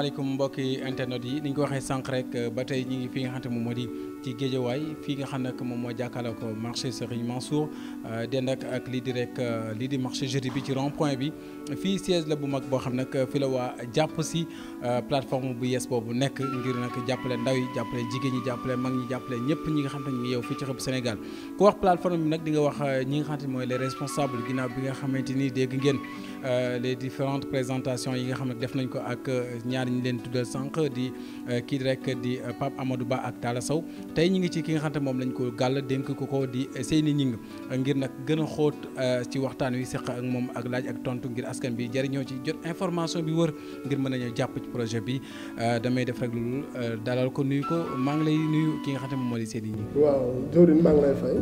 asalaamaaleykum mbokki internet yi ni ñu ko waxee sànq rek euh, ba moo di ci géejawaay fii nga xam nag moom euh, euh, bi ci rond point bi bu mag boo xam nag fi la waa jàpp si plateforme bu yees boobu nekk ngir nag jàppale ndaw yi jàppale jigéen ñi jàppale mag ñi jàppale ñëpp ñi nga xam te ñu ngi yow fii ci xëpp Sénégal ku wax plateforme bi nag di nga wax ñi nga xam te mooy les responsables ginnaaw bi nga xamante ni dégg ngeen Euh, les différentes présentations yi nga xam ne def nañ ko ak euh, ñaar ñu leen tuddal sànq di euh, kii rek di Pape amadu Ba ak Talla Sow tey ñu ngi ci ki nga xam ne moom lañ ko gàll dénk ko ko di Seyni Ñing ngir nag gën a xóot ci waxtaan wi seq ak moom ak laaj ak tontu ngir askan bi jëriñoo ci jot information bi wër ngir mën a ñëw jàpp ci projet bi damay def rek loolu dalal ko nuyu ko maa ngi lay nuyu ki nga xam ne moom moo di Seyni Ñing. waaw Doreen maa ngi lay fay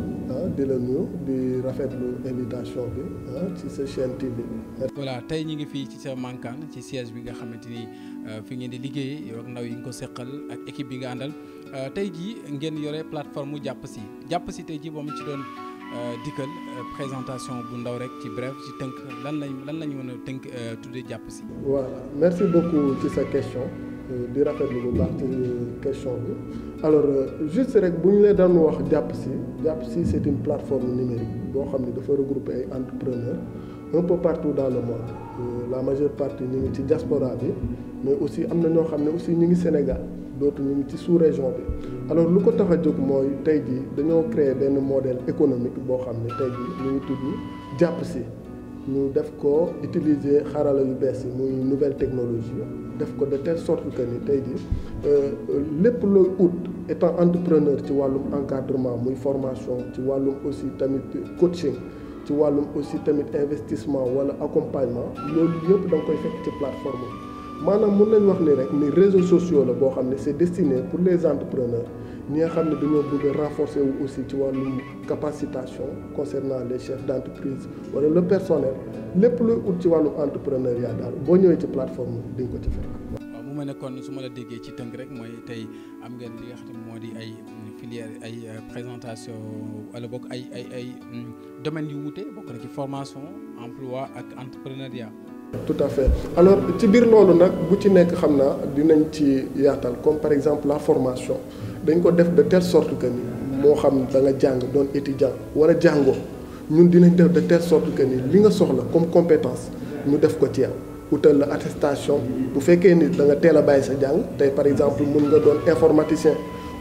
ah, voilà tey ñi ngi fii ci sa mankaan ci siège bi nga xamante ni euh, fi ngeen di liggéey yow ak ndaw yi nga ko seqal ak équipe bi nga àndal euh, tey jii ngeen yore plateforme jàpp si jàpp si tey jii boo ci doon euh, dikkal présentation bu ndaw rek ci bref ci tënk lan lañ lan lañu mën a tënk tuddee jàpp si. voilà merci beaucoup ci sa question di rafetlu bu baax ci question bi alors juste rek bu ñu leen daan wax jàpp si jàpp si c'est une plateforme numérique boo xam ne dafa regrouper ay entrepreneurs. un pour partout dans le monde euh, la majeure partie ñu ngi ci diaspora bi mais aussi am na ñoo xam ne aussi ñu ngi Sénégal dootu ñu ngi ci sous région bi alors lu ko tax a jóg mooy tey jii dañoo créer benn modèle économique boo xam ne tey jii ñu ngi tudd jàpp si ñu def ko utiliser xarala yu bees yi muy nouvelle technologie def ko de telle sorte que ni tey jii euh, lépp looy ut étant entrepreneur ci wàllum encadrement muy formation ci wàllum aussi tamit coaching ci wàllum aussi tamit investissement wala accompagnement loolu yëpp da koy fekk ci plateforme maanaam mun nañ wax ni rek ni réseaux sociaux la boo xam ne c'est destiné pour les entrepreneurs ñi nga xam ne dañoo bëgg a renforcer wu aussi ci wàllum capacitation concernant les chefs d'entreprise wala le personnel lépp luy ut ci wàllum entrepreneuriat daal boo ñëwee ci plateforme bi ko ci fekk. ma ne kon su ma la déggee ci tënk rek mooy tey am ngeen li nga xam moo di ay filière ay euh, présentation wala bokk ay ay ay hmm, domaines yu wuute bokk na ci formation emploi ak entrepreneuriat. tout à fait alors ci biir loolu nag bu ci nekk xam naa dinañ ci yaatal comme par exemple la formation dañ ko def de telle sorte que moo xam da nga jàng doon étudiant wala jàngoo ñun dinañ def de telle sorte que ni li nga soxla comme compétence ñu def ko ci yow wutal la attestation bu fekkee ni da nga teel a bàyyi sa jàng tey par exemple mun nga doon informaticien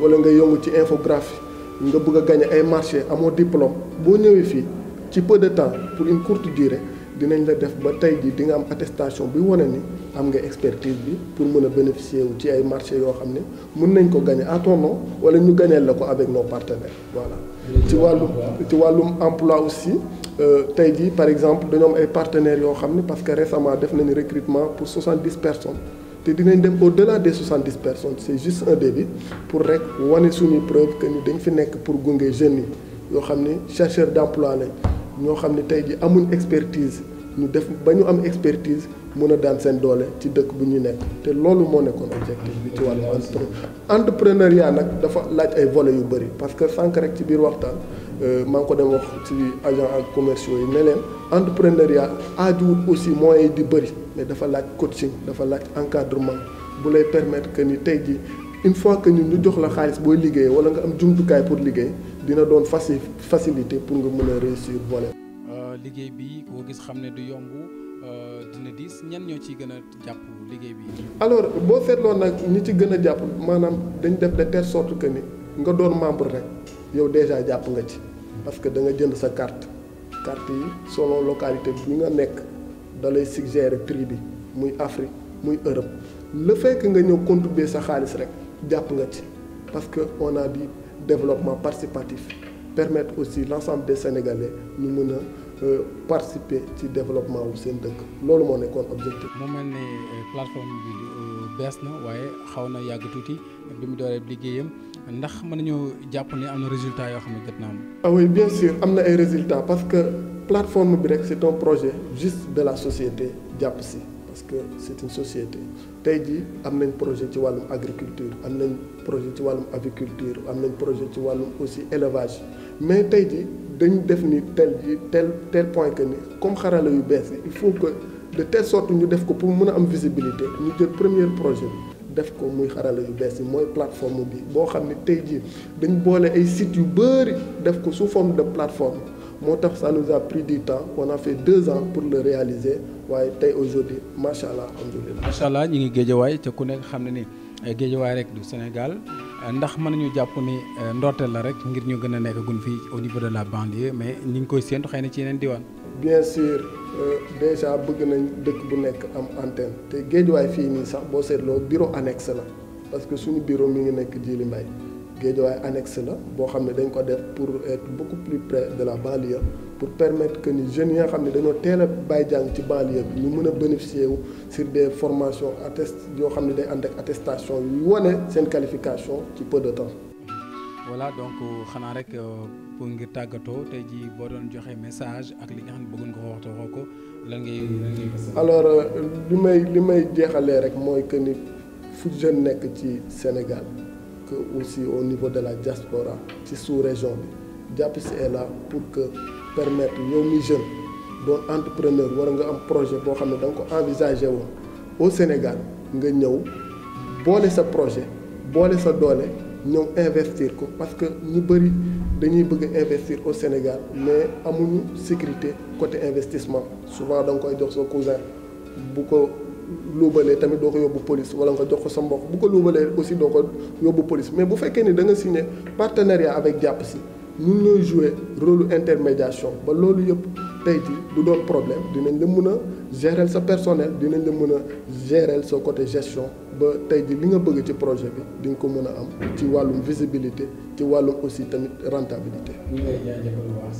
wala nga yëngu ci infographie nga bëgg a gañe ay marché amoo diplôme boo ñëwee fii ci peu de temps pour une courte durée dinañ la def ba tey ji dinga am attestation bi wane ni am nga expertise bi pour mën a bénéficier wu ci ay marché yoo xam ne mun nañ ko gañe à ton wala ñu gañeel la ko avec nos partenaires voilà ci wàllum ci wàllum emploi aussi Euh, tey jii par exemple dañoom ay partenaires yoo xam ne parce que récemment def nañu recrutement pour soixante dix personnes te dinañ dem au delà des soixante dix personnes c' est juste un début pour rek wane suñuy preuve que ni dañ fi nekk pour gunge jeunes yi yoo xam ne chercheur d' emploi ñoo xam ne tey jii amuñ expertise ñu def ba ñu am expertise mën a daan seen doole ci dëkk bu ñuy nekk te loolu moo nekkoon objectif bi ci wàllu entrepreneuriat nag dafa laaj ay volets yu bëri parce que sànq rek ci biir waxtaan. Euh, maa ngi ko dem wax ci agent ak commerciaux yi ne leen entrepreneuriat aajowul aussi moyens yi di bëri mais dafa laaj coaching dafa laaj encadrement bu lay permettre que ni tey jii une fois que ñun ñu jox la xaalis booy liggéey wala nga am jumtukaay pour liggéey dina doon faci facilité pour nga mën a réussir volet. Euh, liggéey bi koo gis xam ne du yomb euh, dina diis ñan ñoo ciy gën a jàpp liggéey bi. alors boo seetloo nag ñi ci gën a jàpp maanaam dañ def de telle sorte que ni nga doon membre rek. yow déjà jàpp nga ci parce que da nga jënd sa carte carte yi selon localité bi nga nekk da lay prix bi muy Afrique muy Europe le fekk nga ñëw contribuer sa xaalis rek jàpp nga ci parce que on di dit développement participatif permettre aussi l'ensemble des Sénégalais ñu mën a euh, participer ci développement wu seen dëkk loolu moo nekkoon objectif. mu mel ni euh, plateforme bi euh, bees na waaye xaw na yàgg tuuti bi mu dooree liggéeyam. ndax mën nañoo jàpp ni am na résultat yoo xam ne naa am. ah oui bien sûr am na ay résultats parce que plateforme bi rek c'est un projet juste de la société jàpp si parce que c'est une société tey jii am nañ projet ci wàllum agriculture am nañ projet ci wàllum aviculture am nañ projet ci wàllum aussi élevage mais tey ji dañ def ni tel ji tel tel point que ni comme xarala yu bees yi il faut que de telle ñu def ko pour mun a am visibilité ñu jël premier projet def ko muy xarala yu bees yi mooy plateforme bi boo xam ne tey jii dañ boole ay sites yu bëri def ko sous forme de plateforme moo tax ça nous pris du temps on a fait deux ans pour le réaliser waaye tey aujourd'hui macha allah alhamdulilah. macha allah ñu ngi géejawaay te ku nekk xam ne ni eh, géejawaay rek du Sénégal eh, ndax mën nañu jàpp ni eh, ndorteel la rek ngir ñu gën a nekk gun fii au niveau la banlieue mais ñu ngi koy séentu xëy na ci yeneen diwaan. bien sûr euh, déjà bëgg nañ dëkk bu nekk am antenne te géej géejuwaay fii nii sax boo seetloo bureau annexe la parce que suñu bureau mi ngi nekk Djily géej géejuwaay annexe la boo xam ne dañ ko def pour être beaucoup plus près de la banlieue pour permettre que ni jeunes yi nga xam ne dañoo teel a bàyyi jàng ci banlieue bi ñu mën a bénéficier wu sur des formations attest yoo xam ne day ànd ak attestation yu wane seen qualification ci peu de temps la donc euh, xanaa rek euh, pour ngir tàggatoo tey jii boo doon joxee message ak li nga xam ne bëggoon nga ko waxtu woo ko lan ngay alors euh, li may li may jeexalee rek mooy que ni fu jeune nekk ci Sénégal que aussi au niveau de la diaspora ci sous-région bi jàpp si est la pour que permettre yow mi jeune doon entrepreneur war nga am projet boo xam ne da ko envisagé woon au Sénégal nga ñëw boole sa projet boole sa doole. ñoom investir ko parce que ñu bëri dañuy bëgg investir au Sénégal mais amuñu sécurité côté investissement souvent da nga koy jox sa cousin bu ko luubalee tamit doo ko yóbbu police wala nga jox ko sa mbokk bu ko luubalee aussi doo ko yóbbu police mais bu fekkee ni da nga signé partenariat avec jàpp si ñun ñooy jouer rôle intermédiation ba loolu yëpp. tey jii du doon problème dinañ la mun a gérer sa personnel dinañ la mën a gérer sa côté gestion ba tey jii li nga bëgg ci projet bi di nga ko mën a am ci wàllum visibilité ci wàllum aussi tamit rentabilité.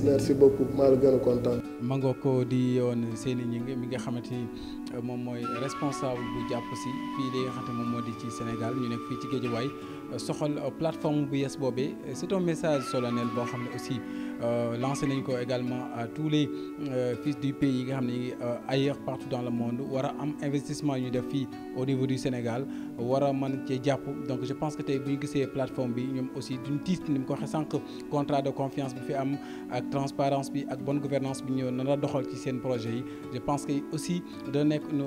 merci beaucoup maa la gën a kontaan. ma ko di yoon seen i ñi mi nga xamante ni euh, moom mooy responsable bu jàpp si fii li nga moom moo di ci Sénégal ñu nekk fii ci Guédiawaye euh, soxal euh, plateforme bu yees boobee c'est un message solennel boo xam ne aussi. Euh, lancé nañ ko également à tous les euh, fils du pays yi nga xam ne euh, ailleurs partout dans le monde war am investissement ñu def fii au niveau du Sénégal war a mën cee jàpp donc je pense que tey bu gisee plateforme bi ñoom aussi duñ tiit ni mu ko waxee sànq contrat de confiance bi fi am ak transparence bi ak bon gouvernance bi ñëw nan la doxal ci seen projet yi je pense que aussi da nekk une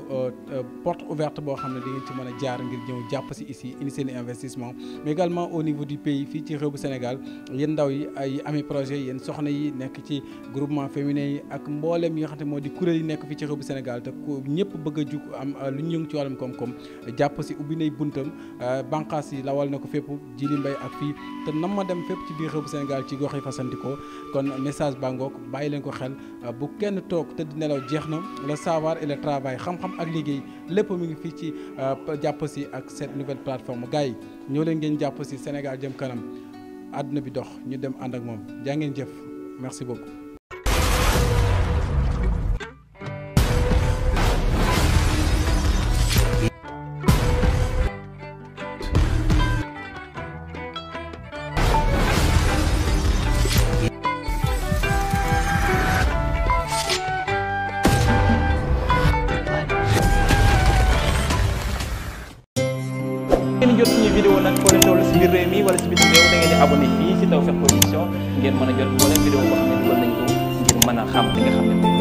porte ouverte boo xam ne di ngeen ci mën a jaar ngir ñëw jàpp si ici indi seen investissement mais également au niveau du fii ci réew bu Sénégal yéen ndaw yi ay amee projet seen soxna yi nekk ci groupement féminin yi ak mboolem yi nga xam ne moo di kuréel yi nekk fii ci réew bu Sénégal te ku ñëpp bëgg a jug am euh, lu ñu yëngu ci wàllum koom-koom jàpp si ubbi nay buntam euh, banqaas yi lawal na ko fépp jili mbay ak fii te nam ma dem fépp ci biir réew bu Sénégal ci gox yi fasantikoo kon message bangook bàyyi leen ko xel euh, bu kenn toog te di nelaw jeex na le savoir et le xam-xam ak liggéey lépp mu ngi fii ci jàpp si ak cette nouvelle plateforme gars yi ñoo leen ngeen jàpp si Sénégal jëm kanam àdduna bi dox ñu dem ànd ak moom jaa ngeen jëf merci beaucoup biir réew mi wala si bitim réew da ngeen di abonné fii si Tawfekh Production ngeen mën a jot moo leen vidéo boo xam ne dugal nañ ko a xam li